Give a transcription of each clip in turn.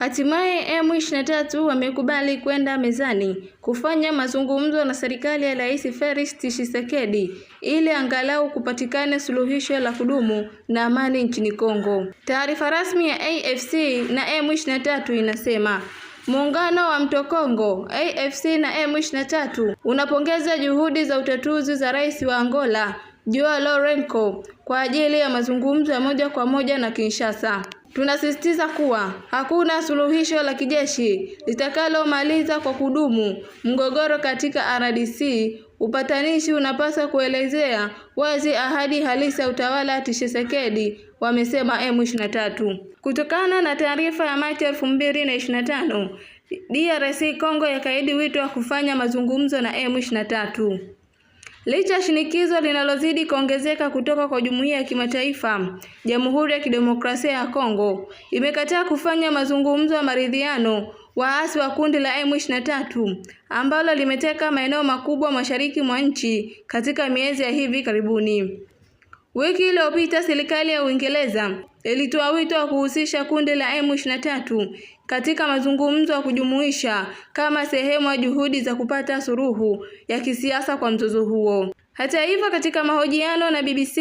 Hatimaye M23 wamekubali kwenda mezani kufanya mazungumzo na serikali ya Rais Felix Tshisekedi ili angalau kupatikane suluhisho la kudumu na amani nchini Kongo. Taarifa rasmi ya AFC na M23 inasema Muungano wa Mto Kongo AFC na M23 unapongeza juhudi za utatuzi za Rais wa Angola Joao Lourenco kwa ajili ya mazungumzo ya moja kwa moja na Kinshasa. Tunasisitiza kuwa hakuna suluhisho la kijeshi litakalomaliza kwa kudumu mgogoro katika RDC. Upatanishi unapaswa kuelezea wazi ahadi halisi ya utawala Tshisekedi, wamesema M23. Kutokana na taarifa ya Machi 2025, DRC Congo yakaidi wito wa kufanya mazungumzo na M23. Licha ya shinikizo linalozidi kuongezeka kutoka kwa jumuiya ya kimataifa, Jamhuri ya Kidemokrasia ya Kongo imekataa kufanya mazungumzo ya maridhiano waasi wa kundi la M23 ambalo limeteka maeneo makubwa mashariki mwa nchi katika miezi ya hivi karibuni. Wiki iliyopita serikali ya Uingereza ilitoa wito wa kuhusisha kundi la M23 katika mazungumzo ya kujumuisha kama sehemu ya juhudi za kupata suluhu ya kisiasa kwa mzozo huo. Hata hivyo, katika mahojiano na BBC,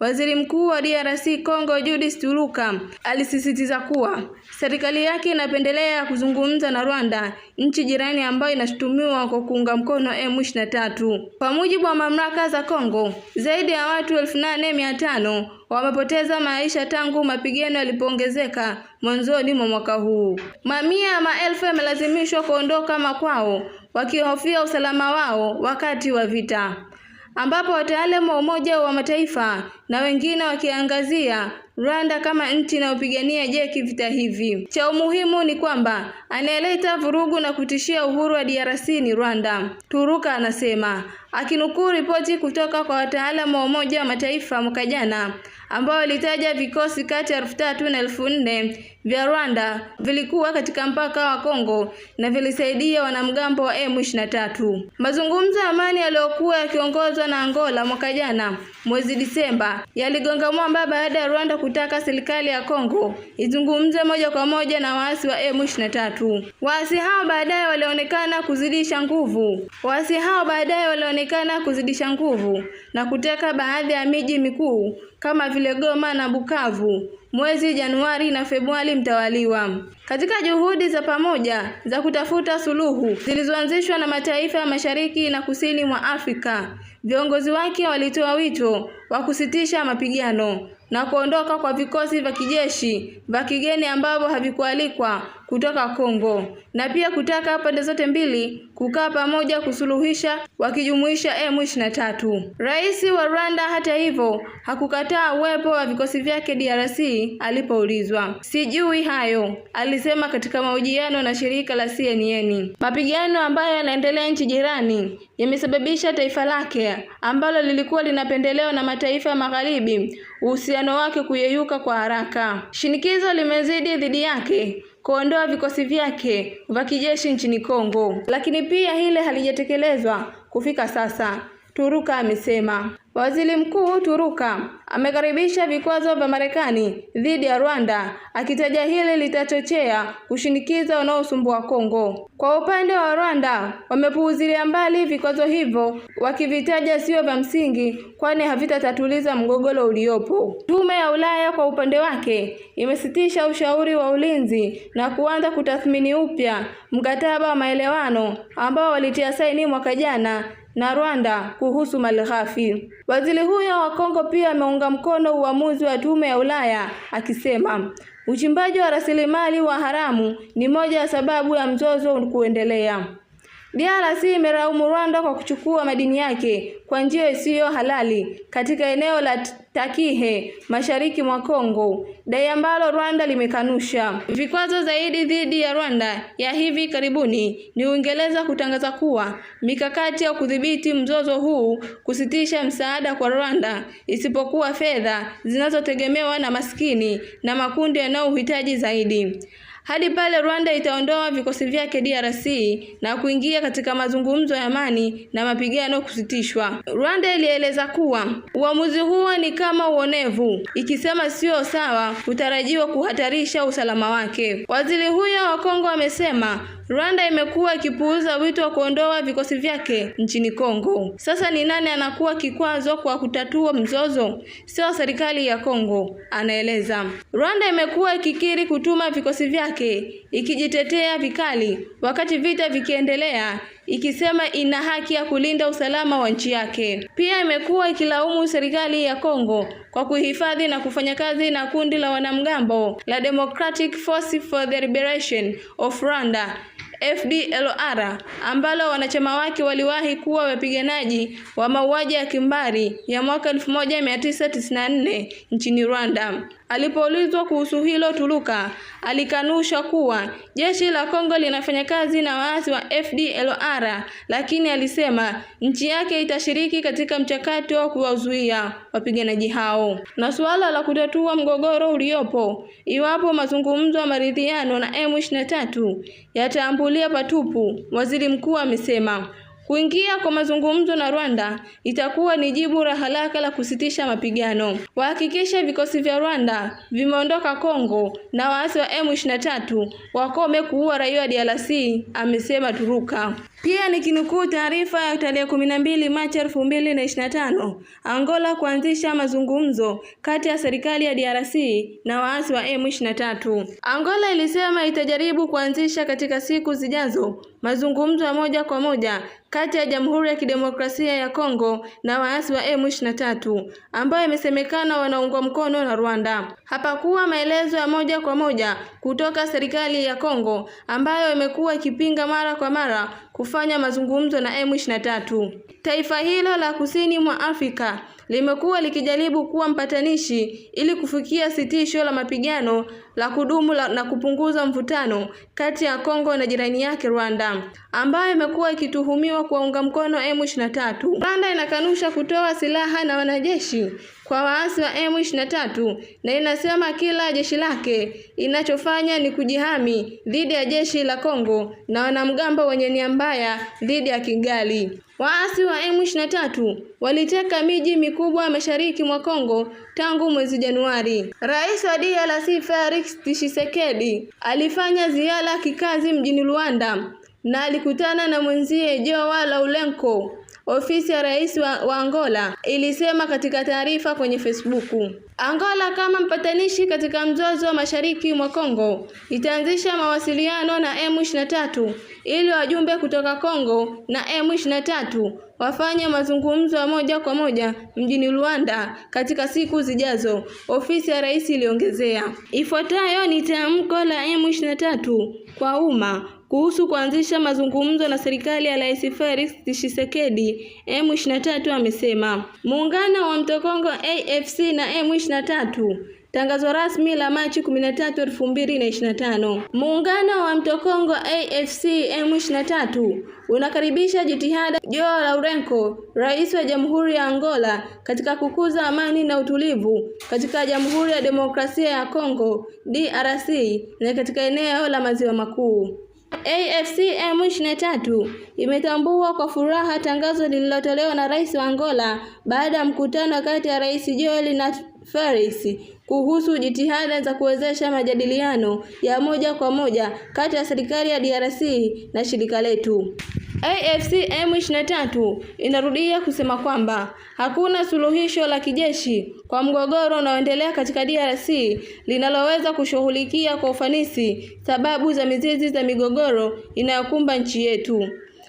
waziri mkuu wa DRC Congo Judith Tuluka alisisitiza kuwa serikali yake inapendelea kuzungumza na Rwanda, nchi jirani ambayo inashutumiwa kwa kuunga mkono M23. Kwa mujibu wa mamlaka za Congo, zaidi ya watu elfu nane mia tano wamepoteza maisha tangu mapigano yalipoongezeka mwanzoni mwa mwaka huu. Mamia ya maelfu yamelazimishwa kuondoka makwao wakihofia usalama wao wakati wa vita ambapo wataalamu wa Umoja wa Mataifa na wengine wakiangazia Rwanda kama nchi inayopigania je kivita hivi. Cha umuhimu ni kwamba anayeleta vurugu na kutishia uhuru wa DRC ni Rwanda, Turuka anasema akinukuu ripoti kutoka kwa wataalamu wa Umoja wa Mataifa mwaka jana ambao ilitaja vikosi kati ya elfu tatu na elfu nne vya Rwanda vilikuwa katika mpaka wa Kongo na vilisaidia wanamgambo wa M23. Mazungumzo ya amani yaliyokuwa yakiongozwa na Angola mwaka jana mwezi Disemba yaligonga mwamba baada ya Rwanda kutaka serikali ya Kongo izungumze moja kwa moja na waasi wa M23. Waasi hao baadaye walionekana kuzidisha nguvu. Waasi hao baadaye walionekana kuzidisha nguvu na kuteka baadhi ya miji mikuu kama vile Goma na Bukavu mwezi Januari na Februari mtawaliwa. Katika juhudi za pamoja za kutafuta suluhu zilizoanzishwa na mataifa ya Mashariki na Kusini mwa Afrika, viongozi wake walitoa wito wa kusitisha mapigano na kuondoka kwa vikosi vya kijeshi vya kigeni ambavyo havikualikwa kutoka Kongo na pia kutaka pande zote mbili kukaa pamoja kusuluhisha wakijumuisha M23. Rais wa Rwanda hata hivyo hakukataa uwepo wa vikosi vyake DRC alipoulizwa. Sijui hayo, alisema katika mahojiano na shirika la CNN. Mapigano ambayo yanaendelea nchi jirani yamesababisha taifa lake ambalo lilikuwa linapendelewa na mataifa ya magharibi uhusiano wake kuyeyuka kwa haraka. Shinikizo limezidi dhidi yake kuondoa vikosi vyake vya kijeshi nchini Kongo, lakini pia hile halijatekelezwa kufika sasa. Turuka amesema. Waziri Mkuu Turuka amekaribisha vikwazo vya Marekani dhidi ya Rwanda akitaja hili litachochea kushinikiza wanaosumbua Kongo. Kwa upande wa Rwanda, wamepuuzilia mbali vikwazo hivyo wakivitaja sio vya msingi kwani havitatatuliza mgogoro uliopo. Tume ya Ulaya kwa upande wake imesitisha ushauri wa ulinzi na kuanza kutathmini upya mkataba wa maelewano ambao walitia saini mwaka jana na Rwanda kuhusu malighafi. Waziri huyo wa Kongo pia ameunga mkono uamuzi wa tume ya Ulaya akisema uchimbaji wa rasilimali wa haramu ni moja ya sababu ya mzozo kuendelea. DRC imelaumu Rwanda kwa kuchukua madini yake kwa njia isiyo halali katika eneo la Takihe mashariki mwa Kongo, dai ambalo Rwanda limekanusha. Vikwazo zaidi dhidi ya Rwanda ya hivi karibuni ni Uingereza kutangaza kuwa mikakati ya kudhibiti mzozo huu kusitisha msaada kwa Rwanda isipokuwa fedha zinazotegemewa na maskini na makundi yanayohitaji zaidi hadi pale Rwanda itaondoa vikosi vyake DRC na kuingia katika mazungumzo ya amani na mapigano kusitishwa. Rwanda ilieleza kuwa uamuzi huo ni kama uonevu, ikisema sio sawa kutarajiwa kuhatarisha usalama wake. Waziri huyo wa Kongo amesema Rwanda imekuwa ikipuuza wito wa kuondoa vikosi vyake nchini Kongo. Sasa ni nani anakuwa kikwazo kwa kutatua mzozo? Sio serikali ya Kongo, anaeleza. Rwanda imekuwa ikikiri kutuma vikosi vyake ikijitetea vikali wakati vita vikiendelea, ikisema ina haki ya kulinda usalama wa nchi yake. Pia imekuwa ikilaumu serikali ya Kongo kwa kuhifadhi na kufanya kazi na kundi la wanamgambo la Democratic Force for the Liberation of Rwanda FDLR ambalo wanachama wake waliwahi kuwa wapiganaji wa mauaji ya kimbari ya mwaka 1994 nchini Rwanda. Alipoulizwa kuhusu hilo, Tuluka alikanusha kuwa jeshi la Kongo linafanya kazi na waasi wa FDLR, lakini alisema nchi yake itashiriki katika mchakato wa kuwazuia wapiganaji hao na suala la kutatua mgogoro uliopo iwapo mazungumzo ya maridhiano na M23 yataambu kulia patupu, waziri mkuu amesema. Kuingia kwa mazungumzo na Rwanda itakuwa ni jibu la haraka la kusitisha mapigano. Wahakikishe vikosi vya Rwanda vimeondoka Kongo na waasi wa M23 wakome kuua raia wa DRC, amesema Turuka. Pia nikinukuu taarifa ya tarehe kumi na mbili Machi elfu mbili na ishirini na tano Angola kuanzisha mazungumzo kati ya serikali ya DRC na waasi wa M23. Angola ilisema itajaribu kuanzisha katika siku zijazo mazungumzo ya moja kwa moja kati ya Jamhuri ya Kidemokrasia ya Kongo na waasi wa M23 ambayo imesemekana wanaungwa mkono na Rwanda. Hapakuwa maelezo ya moja kwa moja kutoka serikali ya Kongo ambayo imekuwa ikipinga mara kwa mara kufanya mazungumzo na M23. Taifa hilo la kusini mwa Afrika limekuwa likijaribu kuwa mpatanishi ili kufikia sitisho la mapigano la kudumu la, na kupunguza mvutano kati ya Kongo na jirani yake Rwanda ambayo imekuwa ikituhumiwa kuwaunga mkono M23. Rwanda inakanusha kutoa silaha na wanajeshi kwa waasi wa M23 na inasema kila jeshi lake inachofanya ni kujihami dhidi ya jeshi la Kongo na wanamgambo wenye niamba mbaya dhidi ya Kigali. Waasi wa M23 waliteka miji mikubwa mashariki mwa Kongo tangu mwezi Januari. Rais wa DRC Felix Tshisekedi alifanya ziara kikazi mjini Luanda na alikutana na mwenzie Joao Laurenko ofisi ya rais wa, wa Angola ilisema katika taarifa kwenye Facebook. Angola kama mpatanishi katika mzozo wa mashariki mwa Kongo itaanzisha mawasiliano na M23 ili wajumbe kutoka Kongo na M23 wafanya mazungumzo ya moja kwa moja mjini Luanda katika siku zijazo, ofisi ya rais iliongezea. Ifuatayo ni tamko la M23 kwa umma kuhusu kuanzisha mazungumzo na serikali ya Rais Felix Tshisekedi. M23 amesema muungano wa mtokongo AFC na M23 tangazo rasmi la Machi 13, 2025. Muungano wa Mtokongo AFC M23 unakaribisha jitihada Joao Lourenco, rais wa Jamhuri ya Angola, katika kukuza amani na utulivu katika Jamhuri ya Demokrasia ya Kongo DRC na katika eneo la Maziwa Makuu. AFC M23 imetambua kwa furaha tangazo lililotolewa na rais wa Angola baada ya mkutano kati ya Rais Joel na Faris kuhusu jitihada za kuwezesha majadiliano ya moja kwa moja kati ya serikali ya DRC na shirika letu. AFC M23 inarudia kusema kwamba hakuna suluhisho la kijeshi kwa mgogoro unaoendelea katika DRC linaloweza kushughulikia kwa ufanisi sababu za mizizi za migogoro inayokumba nchi yetu.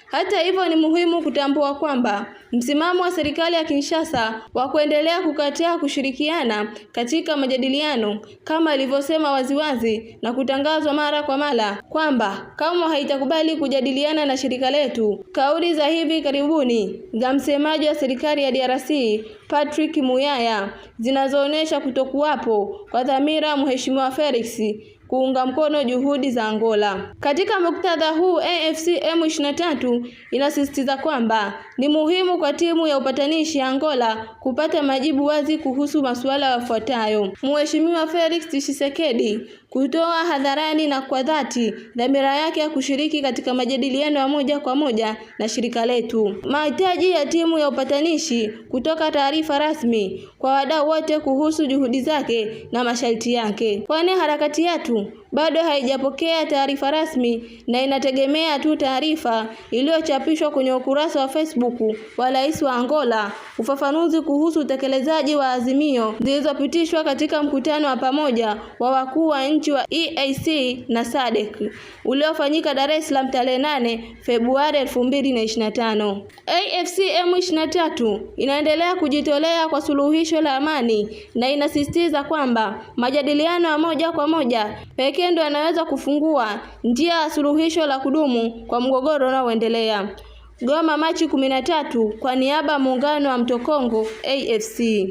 Hata hivyo, ni muhimu kutambua kwamba msimamo wa serikali ya Kinshasa wa kuendelea kukataa kushirikiana katika majadiliano kama ilivyosema waziwazi na kutangazwa mara kwa mara kwamba kama haitakubali kujadiliana na shirika letu. Kauli za hivi karibuni za msemaji wa serikali ya DRC Patrick Muyaya zinazoonyesha kutokuwapo kwa dhamira Mheshimiwa Felix kuunga mkono juhudi za Angola. Katika muktadha huu, AFC M23 inasisitiza kwamba ni muhimu kwa timu ya upatanishi ya Angola kupata majibu wazi kuhusu masuala yafuatayo: Mheshimiwa Felix Tshisekedi kutoa hadharani na kwa dhati dhamira yake ya kushiriki katika majadiliano ya moja kwa moja na shirika letu. Mahitaji ya timu ya upatanishi kutoka taarifa rasmi kwa wadau wote kuhusu juhudi zake na masharti yake, kwani harakati yetu Aline. bado haijapokea taarifa rasmi na inategemea tu taarifa iliyochapishwa kwenye ukurasa wa Facebook wa Rais wa Angola. Ufafanuzi kuhusu utekelezaji wa azimio zilizopitishwa katika mkutano wa pamoja wa wakuu wa nchi wa EAC na SADC e uliofanyika Dar es Salaam tarehe 8 Februari 2025. AFC M23 inaendelea kujitolea kwa suluhisho la amani na inasisitiza kwamba majadiliano ya moja kwa moja pekee pekee ndio yanaweza kufungua njia ya suluhisho la kudumu kwa mgogoro unaoendelea. Goma Machi 13 kwa niaba ya muungano wa mtokongo AFC